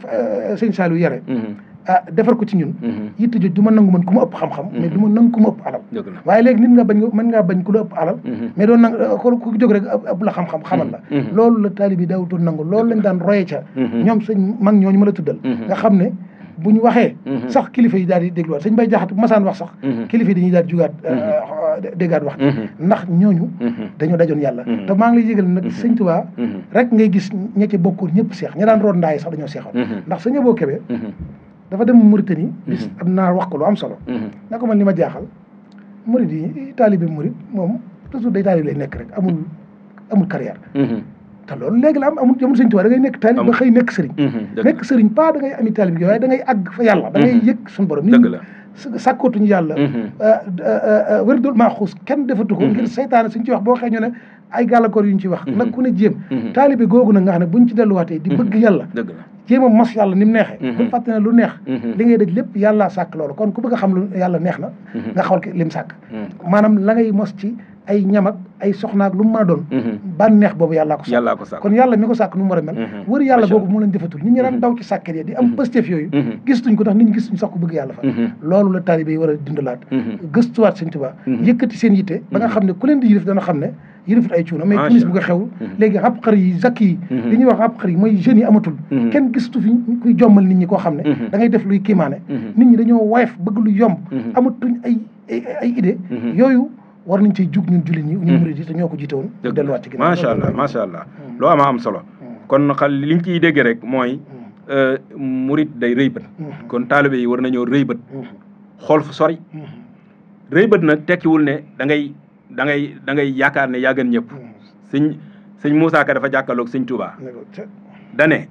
sëñ Saliou yare ah defar ko ci ñun mhm. yitte jooju du ma nangu man ku ma ëpp xam-xam mhm. mais du ma nangu ku ma ëpp alal waaye léegi nit nga bañ mën ngaa bañ ku la ëpp alal mhm. mais doon nangu eh, ku jóg rek ëpp la xam-xam la loolu la taalib yi loolu lañ daan roye ca ñoom sëñ mag ñooñu ma la tuddal nga xam ne bu ñu waxee sax kilifa yi daal di dégluwaat sëñ bay jaxat bu masaan wax sax kilifa yi dañuy daal jugaat eh, eh, déggaat wax ndax ñooñu dañoo dajoon yàlla te maa ngi lay yëgal nag sëñ Tuubaa rek ngay gis ña ci bokkoon ñëpp seex ña daan root ndaay sax dañoo seexoon ndax sëñ Aboo Kebe dafa dem Mauritanie. bis mhm. ab naar wax ko lu am solo. Mhm. na ko man ni ma jaaxal murid i taalibe murid moom toujours day taalibe lay nekk rek amul amul carrière. Mhm. te loolu léegi la am amul amul sëñ Tuubaa da ngay nekk taalib ba xëy nekk sëriñ. da ngay ami taalib yooyu waaye da ngay àgg fa yàlla. da ngay yëg suñu borom. dëgg la sàkkootuñu yàlla. Euh, euh, euh, wér dul maa xuus kenn defatu ko. ngir seytaane suñ ci wax boo xëy ñu ne ay gàllankoor yu ñu ci wax. nag ku ne jéem. taalibe googu na nga xam ne buñ ci delluwaatee. di bëgg yàlla. jéem a mos yàlla ni mu neexee mhm. bul fàtte ne lu neex mhm. li ngay lépp yàlla sàkk loolu kon ku bëgg a xam lu yàlla neex na mhm. nga xool ki lim sàkk maanaam la ngay mos ci ay ñam ak ay soxnaak lu mu mën a doon ban neex boobu yàllaa ko yàllaa sàkk kon yàlla mi sàkk nu war a mel wër yàlla boobu mu leen defatul nit ñi daan daw ci sàkket ya di am pëstef yooyu gistuñ ko ndax nit ñi gistuñ sax bëgg yàlla fa loolu la taalibe war a dundalaat gëstuwaat sëñ Tuubaa seen yitte ba xam ne ku leen di yilif dana yërëfut ay cuuna mais tunis a nga xew mhm. léegi ab xar yi zakk yi mhm. li ñuy mooy jeunes yi amatul mhm. kenn gisatu fi kuy jommal nit ñi koo xam ne da ngay def luy kiimaane nit ñi dañoo woyof bëgg lu yomb amatuñ ay ay yooyu war nañ ci jug ñun jullit ñi ñu murid ñoo ko jiite woon delluwaat ci ginnaaw macha allah macha loo ama am solo kon xal liñ ciy dégg rek mooy euh, murid day rëy bët kon taalibe yi war nañoo rëy bët xool fu sori rëy na tekiwul ne da ngay da ngay da ngay yaakaar ne yaa ñëpp mm. sëñ sëñ Moussa Ka dafa jàkkaarloog sëñ Touba dane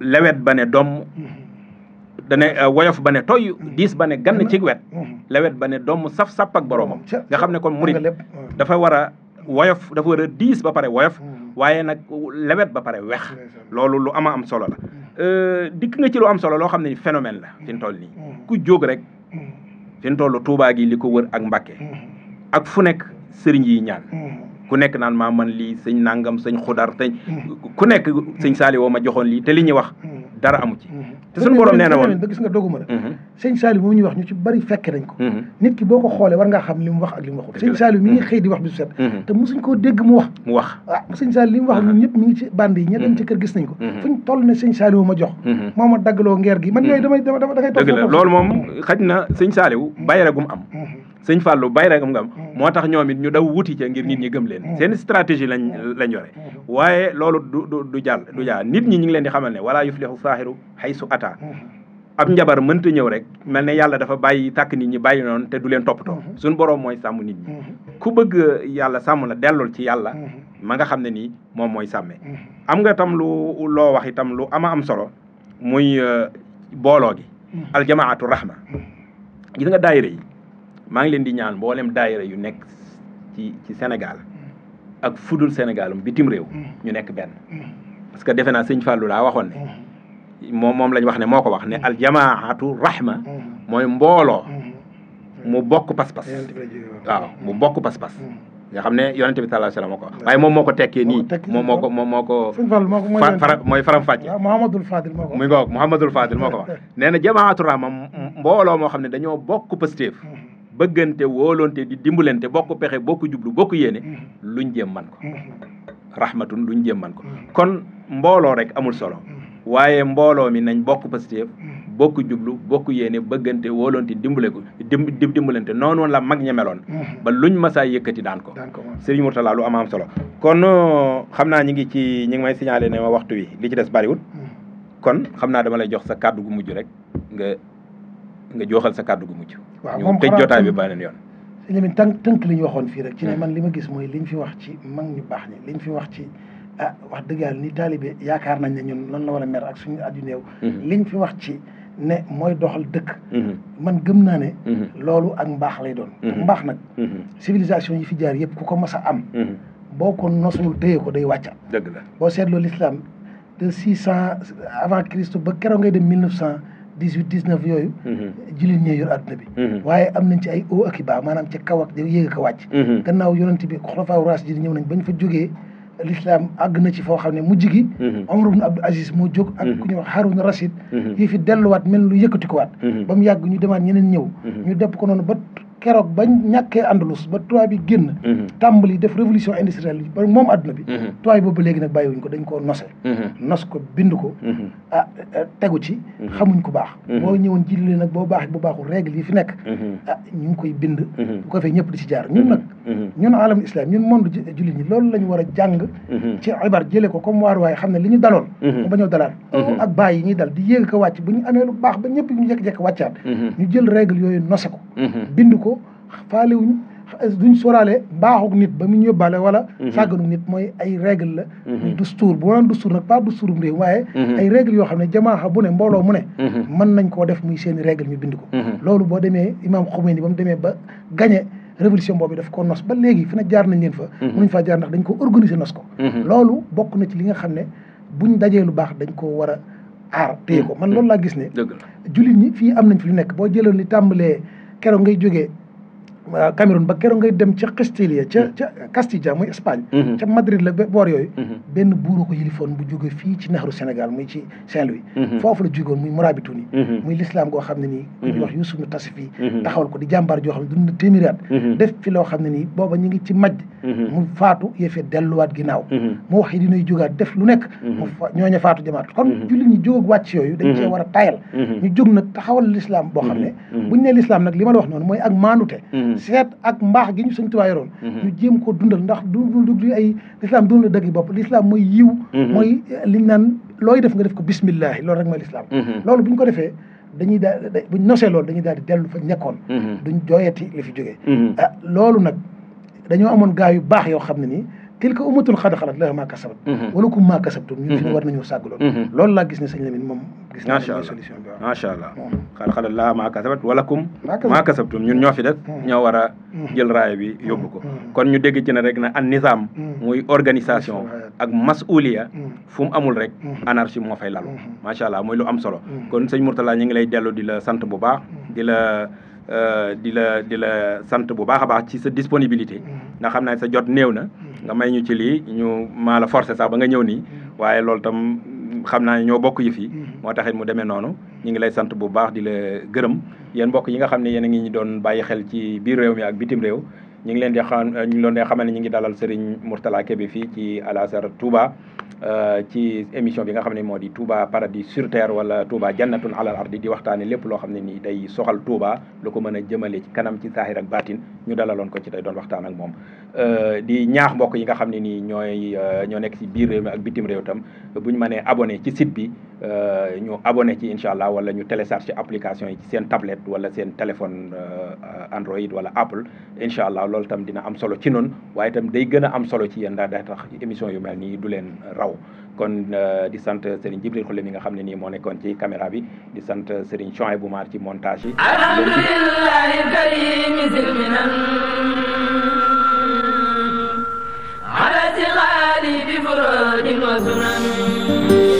lewet ba ne doom mm-hmm. dane euh, woyof ba ne toy mm-hmm. diis ba ne gan mm-hmm. ci wet lewet ba ne domm saf sàpp ak boroomam nga xam ne kon murit dafa war a woyof dafa war a diis ba pare woyof waaye nag lewet ba pare weex loolu lu ama am solo la euh, dikk nga ci lu am solo loo xam ne phénomène la fi mu toll nii ku jóg rek fi mu toll gi li ko wër ak Mbàkke ak fu nekk sëriñ yi ñaan hmm. ku nekk naan maa man lii sëñ nangam sëñ xudar sëñ hmm. ku nekk sëñ saali woo ma joxoon lii te li ñuy wax hmm. dara amu ci te suñu borom nee na gis nga doguma la sëñ saali moom ñuy wax ñu ci bari fekke nañ ko nit ki boo ko xoolee war ngaa xam li wax ak li mu waxul sëñ saali mi ngi xëy wax bisu mu ah, ngi ci bande yi ñe dem kër gis nañ ko fuñ toll ne sëñ wu ma jox moo ma daggaloo ngeer gi man yooyu damay dama dama da loolu moom xaj na sëñ saali wu bàyyi rek am sëñ Fallou bay rek nga am eh. moo tax ñoom it ñu daw wuti ca ngir eh. nit ñi gëm leen eh. seen stratégie lañ lañ yore waaye loolu du du du jàll du nit ñi ñu ngi leen di xamal ne wala yuflihu saahiru su ata ab njabar mënta ñëw rek mel ne yàlla dafa bàyyi tàkk nit ñi bàyyi noonu te du leen toppatoo suñu boroom mooy sàmm nit ñi ku bëgg yàlla sàmm la dellul ci yàlla ma nga xam ne nii moom mooy sàmme am nga tam lu loo wax itam lu ama am solo muy euh, booloo gi aljamaatu rahma gis nga daayira yi maa ngi leen di ñaan mboolem daayira yu nekk ci ci Sénégal ak fudul Sénégal bitim réew ñu nekk benn parce que defe naa sëñ Fallou laa waxoon ne moom moom wax ne moo ko wax ne aljamaatu rahma mooy mbooloo mu bokk pas-pas waaw mu bokk pas-pas nga xam ne yonente bi sallallahu alayhi wasallam ko waaye moom moo ko tekkee nii moom moo ko moom ko fara mooy faram fàcce Muhammadul Fadil moo ko muy ngoog Muhammadul Fadil moo ko wax nee na jamaatu rahma moo xam ne dañoo bokk pastéef bëggante wóolonte di dimbalante bokk pexe bokk jublu bokk yéene mm-hmm. luñ jéem man ko mm-hmm. rahmatun luñ jéem man ko mm-hmm. kon mbooloo rek amul solo waaye mbooloo mi nañ bokk positif bokk jublu bokk yéene bëggante wóolonte dimbale ko dim dimbalante noonu la mag ña meloon ba luñ masaa yëkkati daan ko Serigne Mourtala lu am solo kon euh, xam naa ñi ngi ci ñi ngi may signalé ne ma waxtu wi li ci des bariwul kon xam naa dama lay jox sa kàddu mujj rek nga nga joxal sa kàddu gu mujj. waaw moom xanaa ñu tëj jotaay bi beneen yoon. sëñ Lamine tànk tënk li ñu waxoon fii rek. ci ne hmm. man li ma gis mooy liñ fi wax ci mag ñu baax ñi liñ fi wax ci ah wax dëgg yàlla ni taalibe yaakaar nañ ne ñun lan la war a mer ak suñu aju néew. Hmm. liñ fi wax ci ne mooy doxal dëkk. Hmm. man gëm naa ne. loolu ak mbaax lay doon. mbaax nag. civilisation yi fi jaar yëpp ku ko mës a am. boo ko nosul téye ko day wàcca dëgg la boo seetloo l'islam de six cent avant Christ ba keroog ngay dem mille cent. dix huit dix neuf yooyu. Mm-hmm. jullit ñee yor àdduna bi. Mm-hmm. waaye am nañ ci ay haut ak i bas maanaam ca kaw ak yéeg ak a wàcc. Mm-hmm. gannaaw yonent bi xulafaaw raasidiin ñëw nañ bañ fa jógee. lislaam àgg na ci foo xam ne mu gi. Omar ibn Abdul Aziz moo jóg. ak ku ñuy wax Haroun Rashid. yi fi delluwaat mel lu yëkkatikuwaat. ba mu yàgg ñu demaat ñeneen ñëw. ñu depp ko noonu bat keroog ba ñàkkee andalus ba tubaab bi génn mhm. tàmbali def révolution industrielle ba moom àdduna bi mhm. tubaab yi boobu léegi nag bàyyiwuñ ko dañ koo nose mhm. nos ko bind ko ah eh, tegu ci xamuñ ko baax boo ñëwoon ji leen nag boo baax bu baaxul règle yi fi nekk ah ñu ngi koy bind bu ko fee ñëpp di ci jaar ñun nag Mhm. ñun alam islam ñun monde jullit ñi loolu lañ war a jàng mhm. ci ibar jële ko comme waar waaye xam ne li ñu daloon mu mhm. bañ a dalaat ak bàyyi yi ñuy dal di yéeg ko wàcc bu ñu amee lu baax ba ñëpp ñu jékki jekk wàccaat ñu jël règle yooyu nose ko bind ko faalewuñ duñ sóoraale baaxuk nit ba mu ñëbbaale wala sàgganuk nit mooy ay règle la ñu dustuur bu naan dustuur nag pas dustuurum réew waaye ay règle yoo xam ne jamaaxa bu ne mbooloo mu ne mën nañ koo def muy seen i ñu bind ko loolu boo demee imaam Khomeini ba mu demee ba gañe révolution boobu def ko nos ba léegi fi na jaar nañ leen fa mënuñ mhm. faa jaar ndax dañ ko organiser nos ko mhm. loolu bokk na ci li nga xam ne buñ dajee lu baax dañ ko war a aar téye ko mhm. man loolu laa gis ne jullit ñi fii am nañ fi lu nekk boo jëloon li tàmbalee keroog ngay jógee Euh, Cameroun ba keroog ngay dem ca Castilla ca mm-hmm. ca Castilla muy Espagne. Mm-hmm. ca Madrid la boor yooyu. Mm-hmm. benn buuru ko yilifoon bu jóge fii ci naxaru Sénégal muy ci Saint-Louis. foofu la jógoon muy Mourabitouni. muy l'islam goo xam ne nii. ku ñuy wax Youssouf nu di jàmbaar joo xam ne dund na téeméeri at. def fi loo nii ñu ngi ci maj. mu faatu yëfee delluwaat ginnaaw. mu wax yi dinay jógaat def lu nekk. mu fa ñooñu faatu jamaat kon julli ñi jóg wàcc yooyu. dañ cee war a tayal. ñu na nag taxawal l'islam boo xam ne. buñ ne l'islam nag li ma wax noonu mooy ak maanute Mm-hmm. seet ak mbaax gi ñu sëñ Tuubaa yoroon mm-hmm. ñu jéem ko dundal ndax du du ay lislaam doon la dëgg bopp lislaam mooy yiw mm-hmm. mooy liñ naan looy def nga def ko bismillahi loolu rek mooy lislaam loolu bu ñu ko defee dañuy daal buñ nosee loolu dañuy daal di dellu fa nekkoon duñ jooyati li fi jógee ah loolu nag dañoo amoon gaa baax yoo xam ne nii tilka ummatun xad xalat laha maa kasabat mhm. walakum maa kasabtum ñun fi mhm. war nañoo sàgg lool mhm. loolu ñoo fi def ñoo war jël raaya bi yóbbu ko kon ñu dégg ci rek na an nizaam muy organisation ak masuliya fu mu amul rek anarchie moo fay lal macha allah mooy lu am solo kon sëñ Mourtala ñu ngi lay dellu di la sant bu baax di la euh, di la di la sant bu baax a baax ci sa disponibilité ndax xam naa sa jot néew na nga may ñu ci lii ñu maa la forcé sax ba nga ñëw nii mm-hmm. waaye loolu tam xam naa ñoo bokk yëf fii mm-hmm. moo taxit mu demee noonu ñu ngi lay sant bu baax di la gërëm yéen mbokk yi nga xam ne yéen a ngi ñu doon bàyyi xel ci biir réew bitim réew ñu ngi leen di xam ñu ngi leen di xamal ne ñu ngi dalal Serigne Mourtala Kébé fii ci Al Azhar Touba euh, ci émission bi nga xam ne moo di Touba paradis sur terre wala Touba jannatun alal ardi di waxtaane lépp loo xam ne nii day soxal Touba lu ko mën a jëmale ci kanam ci saahir ak baatin ñu dalaloon ko ci day doon waxtaan ak moom Euh, di ñaax mbokk yi nga xam ne ni ñooy euh, ñoo nekk ci biir réew mi ak bitim réew tam bu ñu mënee abonné ci site bi euh, ñu abone ci incha allah wala ñu télécharger application yi ci seen tablette wala seen téléphone Android wala Apple incha allah loolu tam dina am solo ci noonu waaye itam day gën a am solo ci yéen ndax day tax émission yu mel nii du leen raw kon di sant Serigne Jibril Khoule mi nga xam ne nii moo nekkoon ci caméra bi di sant Serigne bu Boumar ci montage yi. alhamdulilah. على ثقال بفروج وسنن